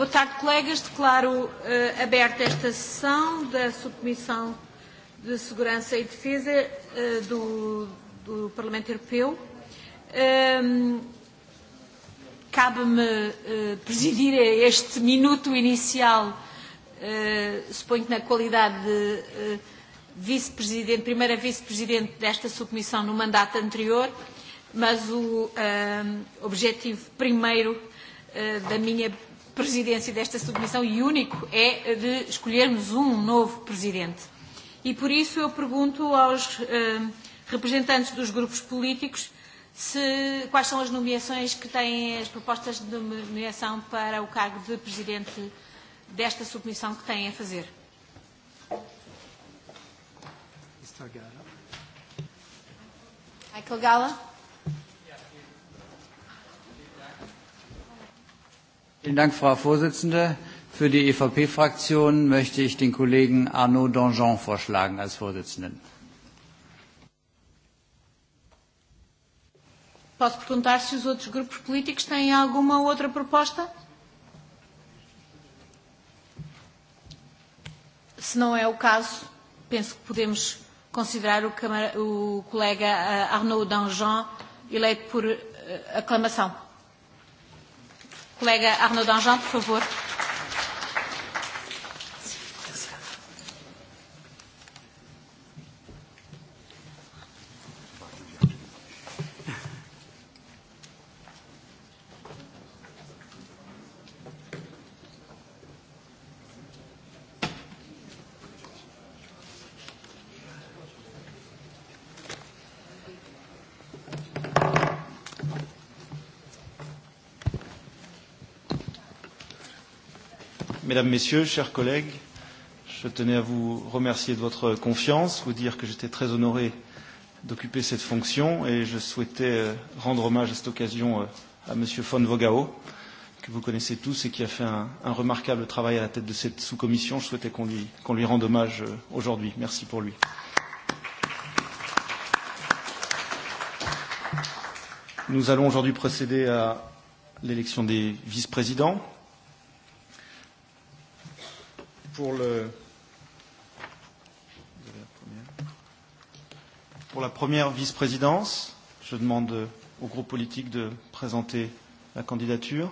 Boa tarde, colegas. Declaro uh, aberta esta sessão da Subcomissão de Segurança e Defesa uh, do, do Parlamento Europeu. Um, Cabe-me uh, presidir este minuto inicial, uh, suponho que na qualidade de uh, vice-presidente, primeira vice-presidente desta subcomissão no mandato anterior, mas o uh, objetivo primeiro uh, da minha presidência desta submissão e único é de escolhermos um novo presidente. E por isso eu pergunto aos eh, representantes dos grupos políticos se, quais são as nomeações que têm, as propostas de nomeação para o cargo de presidente desta submissão que têm a fazer. Gala. Michael Gala. Vielen Dank, Frau Vorsitzende. Für die EVP-Fraktion möchte ich den Kollegen Arnaud Danjean vorschlagen als Vorsitzenden. Posso perguntar se os outros grupos políticos têm alguma outra proposta? Se não é o caso, penso que podemos considerar o, camara, o colega eh, Arnaud Danjean eleito por eh, aclamação. Collega Arnaud Dangean, por favor. Mesdames, Messieurs, chers collègues, je tenais à vous remercier de votre confiance, vous dire que j'étais très honoré d'occuper cette fonction et je souhaitais euh, rendre hommage à cette occasion euh, à M. von Vogao, que vous connaissez tous et qui a fait un, un remarquable travail à la tête de cette sous-commission. Je souhaitais qu'on lui, qu lui rende hommage euh, aujourd'hui. Merci pour lui. Nous allons aujourd'hui procéder à l'élection des vice-présidents pour le pour la première vice-présidence. Je demande au groupe politique de présenter la candidature.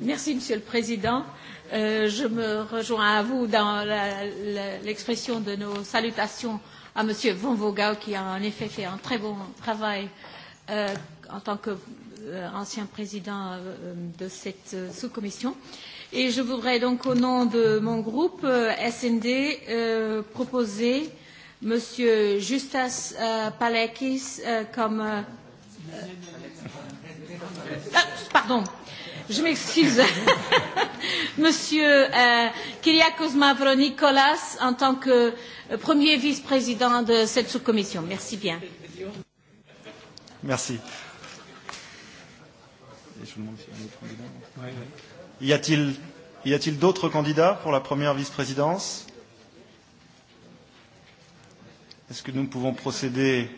Merci, Monsieur le Président. Euh, je me rejoins à vous dans l'expression de nos salutations à Monsieur Von Vogau, qui a en effet fait un très bon travail euh, en tant qu'ancien euh, président euh, de cette euh, sous-commission. Et je voudrais donc, au nom de mon groupe euh, SND, euh, proposer Monsieur Justas euh, Palekis euh, comme euh, Ah, pardon, je m'excuse. Monsieur euh, Kyriakos Mavronikolas, en tant que euh, premier vice-président de cette sous-commission. Merci bien. Merci. Y a-t-il d'autres candidats pour la première vice-présidence Est-ce que nous pouvons procéder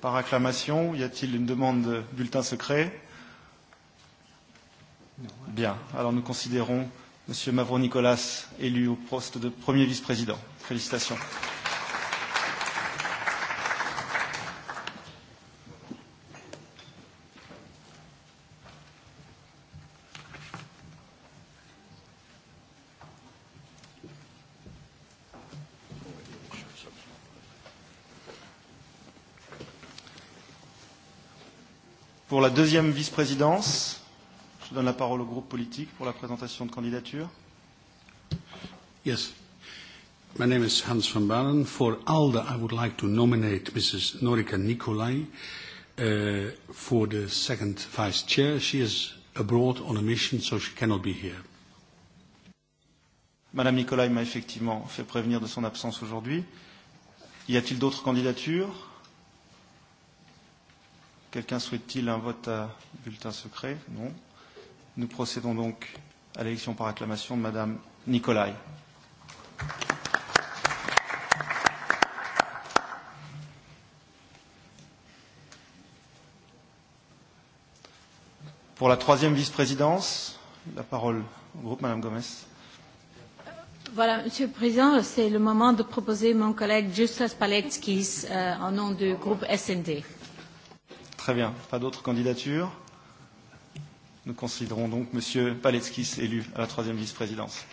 Par acclamation, y a-t-il une demande de bulletin secret Bien, alors nous considérons M. Mavro Nicolas élu au poste de premier vice-président. Félicitations. Pour la deuxième vice-présidence, je donne la parole au groupe politique pour la présentation de candidature. Yes. My name is Hans van Balen. For ALDE, I would like to nominate Mrs. Norika Nikolai uh, for the second vice chair. She is abroad on a mission, so she cannot be here. Madame Nicolai m'a effectivement fait prévenir de son absence aujourd'hui. Y a-t-il d'autres candidatures Quelqu'un souhaite-t-il un vote à bulletin secret Non. Nous procédons donc à l'élection par acclamation de Madame Nicolai. Pour la troisième vice-présidence, la parole au groupe, Madame Gomez. Voilà, Monsieur le Président, c'est le moment de proposer mon collègue Justas Paletskis euh, en nom du groupe SND. Très bien. Pas d'autres candidatures Nous considérons donc M. Paletskis élu à la troisième vice-présidence.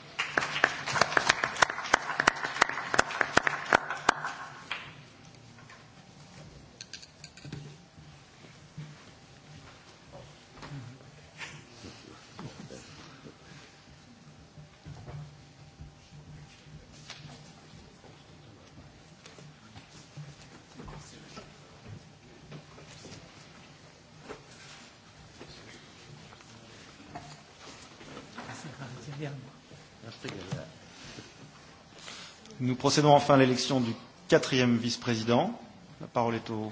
Nous procédons enfin à l'élection du quatrième vice-président. La parole est au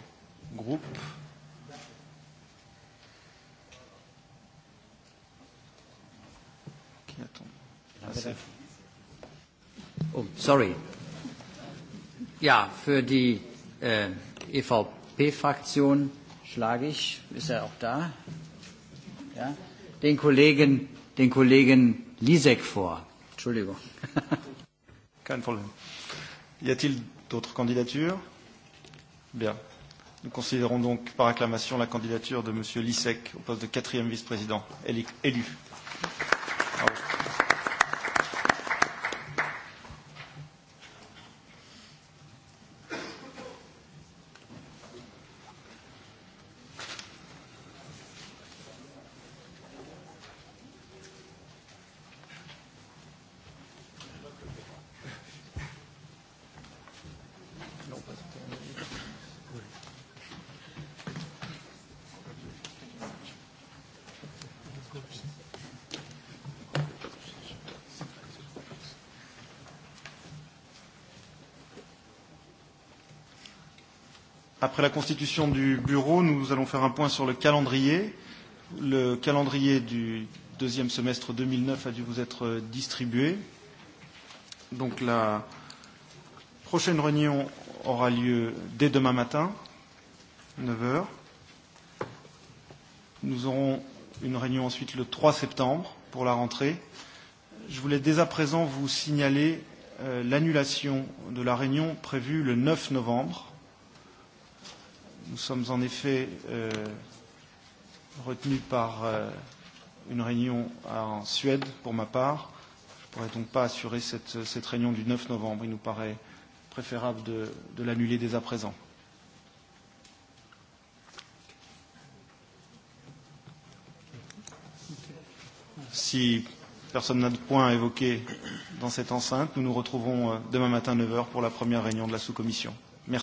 groupe. Qui attend Oh, sorry. Ja, für die äh, EVP-Fraktion schlage ich, ist er auch da, ja, den Kollegen, den Kollegen Lisek Foa. Entschuldigung. Kein Problem. Y a-t-il d'autres candidatures Bien. Nous considérons donc par acclamation la candidature de M. Lisek au poste de quatrième vice-président élu. Après la constitution du bureau, nous allons faire un point sur le calendrier. Le calendrier du deuxième semestre 2009 a dû vous être distribué. Donc la prochaine réunion aura lieu dès demain matin, 9h. Nous aurons une réunion ensuite le 3 septembre pour la rentrée. Je voulais dès à présent vous signaler euh, l'annulation de la réunion prévue le 9 novembre Nous sommes en effet euh, retenus par euh, une réunion en Suède, pour ma part. Je ne pourrais donc pas assurer cette, cette réunion du 9 novembre. Il nous paraît préférable de, de l'annuler dès à présent. Si personne n'a de point à évoquer dans cette enceinte, nous nous retrouvons euh, demain matin 9h pour la première réunion de la sous-commission.